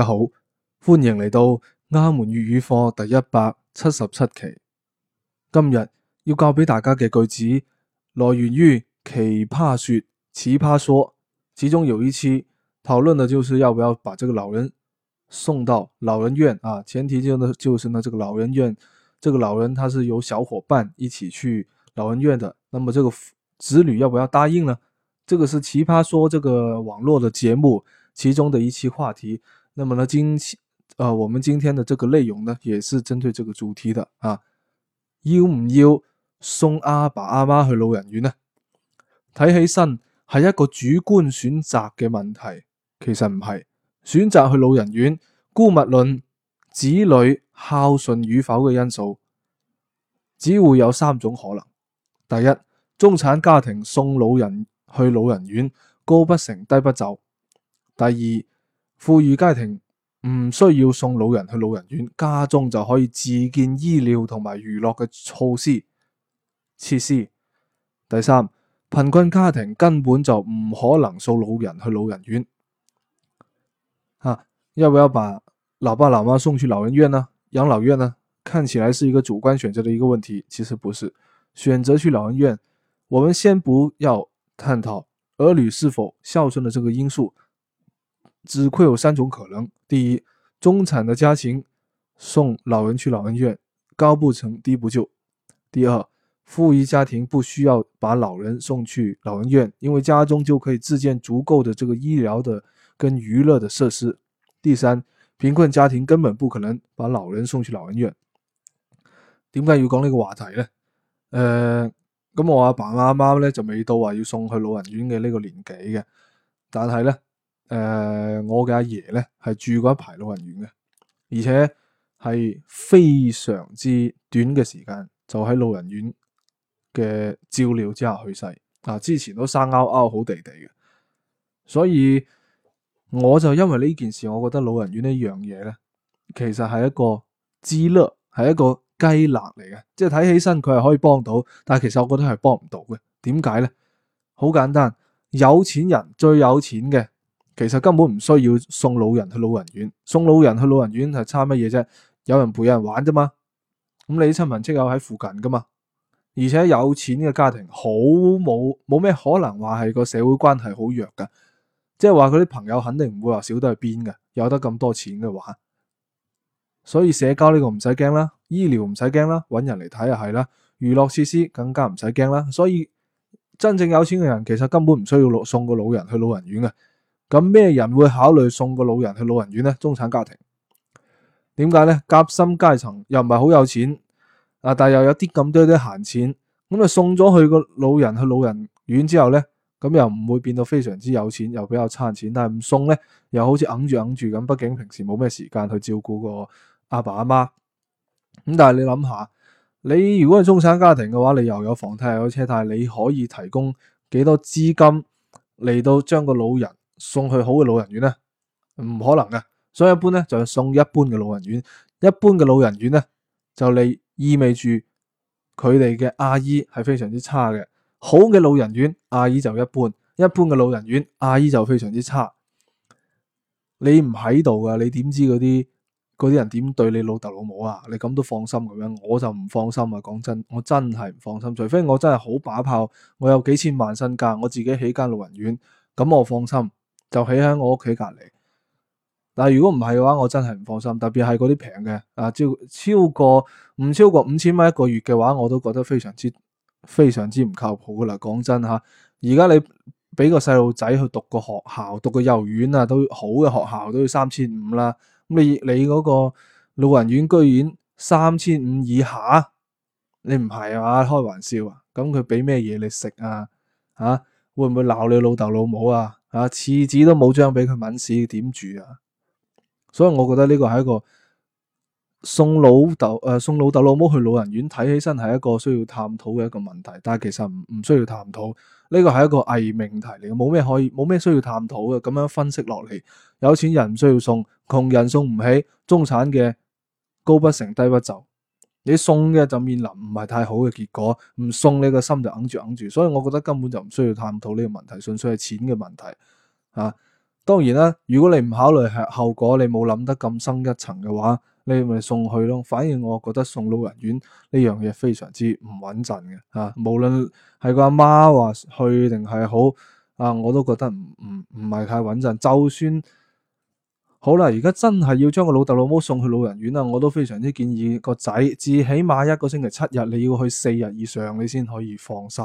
大家好，歡迎嚟到阿門粵語課第一百七十七期。今日要教俾大家嘅句子：來源於奇葩說，奇葩說。其中有一期討論的就是要不要把這個老人送到老人院啊。前提就呢，就是呢，這個老人院，這個老人他是有小伙伴一起去老人院的。那麼這個子女要不要答應呢？這個是奇葩說這個網絡的節目其中的一期話題。那麼呢今期，啊、呃，我們今天的這個內容呢，也是針對這個主題的啊。要唔要送阿爸阿媽去老人院呢？睇起身係一個主觀選擇嘅問題，其實唔係。選擇去老人院，姑勿論子女孝順與否嘅因素，只會有三種可能：第一，中產家庭送老人去老人院，高不成低不就；第二，富裕家庭唔需要送老人去老人院，家中就可以自建醫療同埋娛樂嘅措施設施。第三，貧困家庭根本就唔可能送老人去老人院。吓，要不要把老爸老媽送去老人院呢？養老院呢？看起來是一個主觀選擇的一個問題，其實不是。選擇去老人院，我們先不要探討兒女是否孝順的這個因素。只會有三種可能：第一，中產的家庭送老人去老人院，高不成低不就；第二，富裕家庭不需要把老人送去老人院，因為家中就可以自建足夠的這個醫療的跟娛樂的設施；第三，貧困家庭根本不可能把老人送去老人院。點解要講呢個話題呢？誒、呃，咁我阿爸阿媽咧就未到話、啊、要送去老人院嘅呢個年紀嘅，但係咧。誒、呃，我嘅阿爺咧係住過一排老人院嘅，而且係非常之短嘅時間，就喺老人院嘅照料之下去世。啊，之前都生勾勾好地地嘅，所以我就因為呢件事，我覺得老人院呢樣嘢咧，其實係一個資樂，係一個雞肋嚟嘅。即係睇起身，佢係可以幫到，但係其實我覺得係幫唔到嘅。點解咧？好簡單，有錢人最有錢嘅。其實根本唔需要送老人去老人院，送老人去老人院係差乜嘢啫？有人陪，有人玩啫嘛。咁你啲親朋戚友喺附近噶嘛？而且有錢嘅家庭好冇冇咩可能話係個社會關係好弱噶？即係話佢啲朋友肯定唔會話少得去邊噶。有得咁多錢嘅話，所以社交呢個唔使驚啦，醫療唔使驚啦，搵人嚟睇就係啦，娛樂設施更加唔使驚啦。所以真正有錢嘅人其實根本唔需要送個老人去老人院嘅。咁咩人會考慮送個老人去老人院呢？中產家庭點解呢？夾心階層又唔係好有錢啊，但又有啲咁多啲閒錢，咁、嗯、啊送咗去個老人去老人院之後呢，咁、嗯、又唔會變到非常之有錢，又比較差錢，但係唔送呢，又好似揞住揞住咁，畢竟平時冇咩時間去照顧個阿爸阿媽。咁、嗯、但係你諗下，你如果係中產家庭嘅話，你又有房貸又有車貸，你可以提供幾多資金嚟到將個老人？送去好嘅老人院咧，唔可能嘅，所以一般咧就係送一般嘅老人院。一般嘅老人院咧，就你意味住佢哋嘅阿姨係非常之差嘅。好嘅老人院，阿姨就一般；一般嘅老人院，阿姨就非常之差。你唔喺度噶，你點知嗰啲嗰啲人點對你老豆老母啊？你咁都放心咁樣，我就唔放心啊！講真，我真係唔放心。除非我真係好把炮，我有幾千萬身家，我自己起間老人院，咁我放心。就起喺我屋企隔籬，但係如果唔係嘅話，我真係唔放心。特別係嗰啲平嘅啊，超超過唔超過五千蚊一個月嘅話，我都覺得非常之非常之唔靠譜㗎啦。講真吓，而、啊、家你俾個細路仔去讀個學校、讀個幼兒園啊，都好嘅學校都要三千五啦。咁你你嗰個老人院居然三千五以下，你唔係啊嘛？開玩笑啊！咁佢俾咩嘢你食啊？吓、啊、會唔會鬧你老豆老母啊？啊！廁紙都冇張俾佢，蚊屎點住啊！所以我覺得呢個係一個送老豆誒、呃，送老豆老母去老人院，睇起身係一個需要探討嘅一個問題，但係其實唔唔需要探討，呢、呢個係一個偽命題嚟嘅，冇咩可以，冇咩需要探討嘅。咁樣分析落嚟，有錢人唔需要送，窮人送唔起，中產嘅高不成低不就。你送嘅就面臨唔係太好嘅結果，唔送你個心就揞住揞住，所以我覺得根本就唔需要探討呢個問題，純粹係錢嘅問題啊。當然啦，如果你唔考慮係後果，你冇諗得咁深一層嘅話，你咪送去咯。反而我覺得送老人院呢樣嘢非常之唔穩陣嘅啊，無論係個阿媽話去定係好啊，我都覺得唔唔唔係太穩陣，就算。好啦，而家真係要將個老豆老母送去老人院啦，我都非常之建議個仔，至起碼一個星期七日，你要去四日以上，你先可以放心，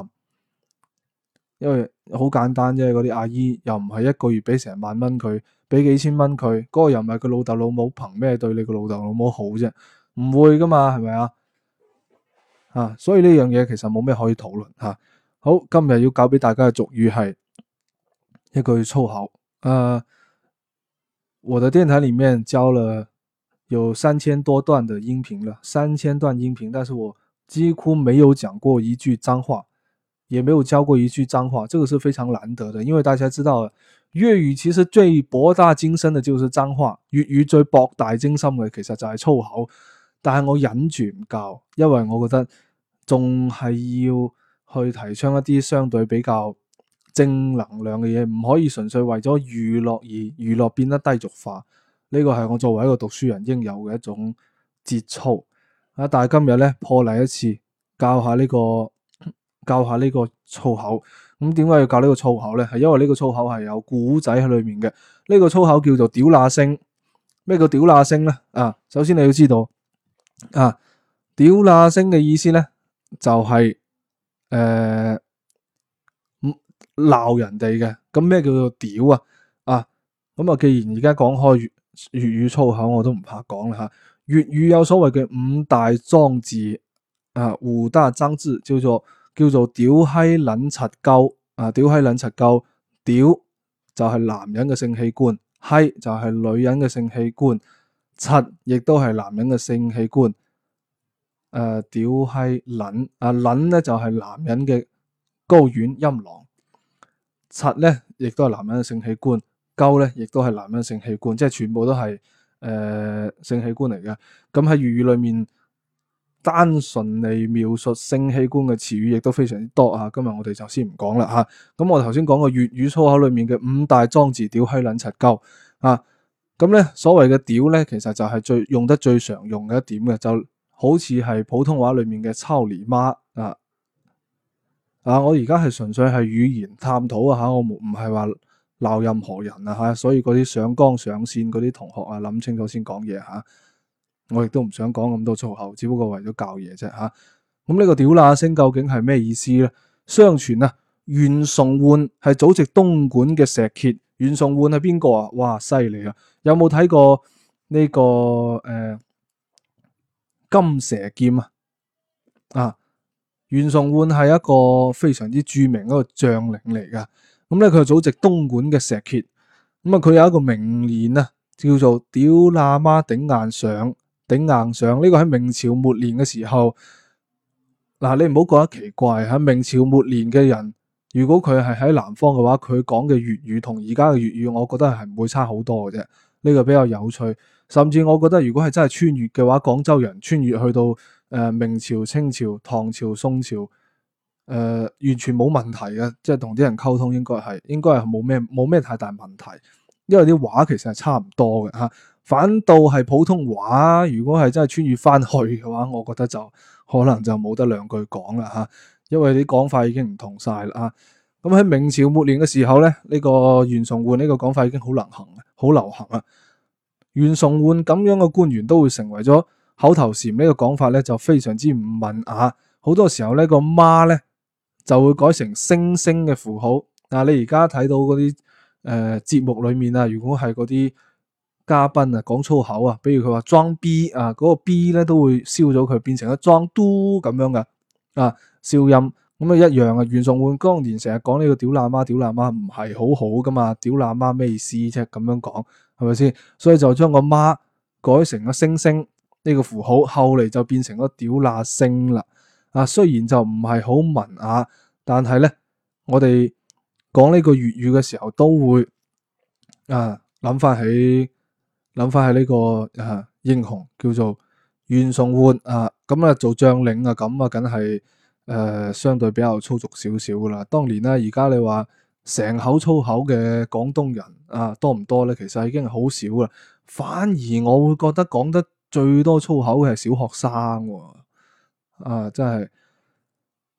因為好簡單啫。嗰啲阿姨又唔係一個月俾成萬蚊佢，俾幾千蚊佢，嗰個又唔係佢老豆老母，憑咩對你個老豆老母好啫？唔會噶嘛，係咪啊？啊，所以呢樣嘢其實冇咩可以討論吓、啊。好，今日要教俾大家嘅俗語係一句粗口，誒、呃。我的電臺裏面教了有三千多段的音頻了，三千段音頻，但是我幾乎沒有講過一句髒話，也沒有教過一句髒話，這個是非常難得的。因為大家知道，粵語其實最博大精深的就是髒話，粵語最博大精深嘅其實就係粗口，但係我忍住唔教，因為我覺得仲係要去提倡一啲相對比較。正能量嘅嘢唔可以純粹為咗娛樂而娛樂變得低俗化，呢、這個係我作為一個讀書人應有嘅一種節操啊！但係今日咧破例一次，教下呢、這個教下呢個粗口。咁點解要教個呢個粗口咧？係因為呢個粗口係有古仔喺裏面嘅。呢、這個粗口叫做屌那星。咩叫屌那星咧？啊，首先你要知道啊，屌那星嘅意思咧就係、是、誒。呃鬧人哋嘅。咁咩叫做屌啊？啊，咁啊，既然而家講開粵粵語粗口，我都唔怕講啦吓。粵語有所謂嘅五大髒字啊，五大髒字叫做叫做屌閪撚柒鳩啊，屌閪撚柒鳩，屌就係男人嘅性器官，閪就係女人嘅性器官，柒亦都係男人嘅性器官。誒，屌閪撚啊，撚咧就係男人嘅睾丸陰囊。柒咧亦都係男人嘅性器官，鳩咧亦都係男人性器官，即係全部都係誒、呃、性器官嚟嘅。咁喺粵語裏面，單純嚟描述性器官嘅詞語亦都非常之多啊。今日我哋就先唔講啦吓。咁、啊、我頭先講過粵語粗口裏面嘅五大髒字，「屌閪撚、柒鳩啊。咁咧，所謂嘅屌咧，其實就係最用得最常用嘅一點嘅，就好似係普通話裏面嘅操你媽。啊！我而家係純粹係語言探討啊！嚇，我唔係話鬧任何人啊！嚇，所以嗰啲上綱上線嗰啲同學啊，諗清楚先講嘢嚇。我亦都唔想講咁多粗口，只不過為咗教嘢啫嚇。咁呢、呢個屌那星究竟係咩意思咧？相傳啊，袁崇煥係祖籍東莞嘅石碣，袁崇煥係邊個啊？哇！犀利啊！有冇睇過呢、呢個誒、呃、金蛇劍啊？啊！袁崇煥係一個非常之著名一個將領嚟噶，咁咧佢係祖籍東莞嘅石碣，咁啊佢有一個名言啊，叫做屌那媽頂硬上，頂硬上呢、這個喺明朝末年嘅時候，嗱、啊、你唔好覺得奇怪，喺、啊、明朝末年嘅人，如果佢係喺南方嘅話，佢講嘅粵語同而家嘅粵語，我覺得係唔會差好多嘅啫，呢、這個比較有趣。甚至我覺得，如果係真係穿越嘅話，廣州人穿越去到誒、呃、明朝、清朝、唐朝、宋朝，誒、呃、完全冇問題嘅，即係同啲人溝通應該係應該係冇咩冇咩太大問題，因為啲話其實係差唔多嘅吓、啊。反倒係普通話，如果係真係穿越翻去嘅話，我覺得就可能就冇得兩句講啦吓、啊，因為啲講法已經唔同晒啦吓。咁、啊、喺、嗯、明朝末年嘅時候咧，呢、呢個袁崇煥呢個講法已經好流行，好流行啊。袁崇煥咁樣嘅官員都會成為咗口頭禪個法呢個講法咧，就非常之唔文雅。好多時候咧個媽咧就會改成星星嘅符號。嗱、啊，你而家睇到嗰啲誒節目裏面啊，如果係嗰啲嘉賓啊講粗口啊，比如佢話裝 B 啊，嗰、那個 B 咧都會消咗佢，變成個裝嘟咁樣噶啊，消音咁啊一樣啊。袁崇煥當年成日講呢個屌那媽屌那媽，唔係好好噶嘛？屌那媽咩意思啫？咁樣講。係咪先？所以就將個媽改成個星星呢個符號，後嚟就變成個屌乸星啦。啊，雖然就唔係好文雅，但係咧，我哋講呢個粵語嘅時候都會啊諗翻起諗翻起呢個啊英雄叫做袁崇煥啊，咁啊做將領啊，咁啊梗係誒相對比較粗俗少少噶啦。當年啦，而家你話。成口粗口嘅廣東人啊，多唔多咧？其實已經好少啦。反而我會覺得講得最多粗口嘅係小學生喎、啊，啊真係。誒、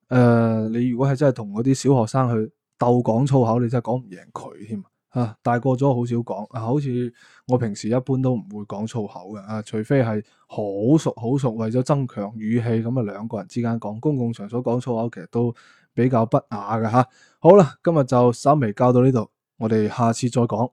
呃，你如果係真係同嗰啲小學生去鬥講粗口，你真係講唔贏佢添啊！大個咗好少講啊，好似我平時一般都唔會講粗口嘅啊，除非係好熟好熟，為咗增強語氣咁啊，兩個人之間講，公共場所講粗口其實都～比較不雅嘅吓，好啦，今日就稍微教到呢度，我哋下次再講。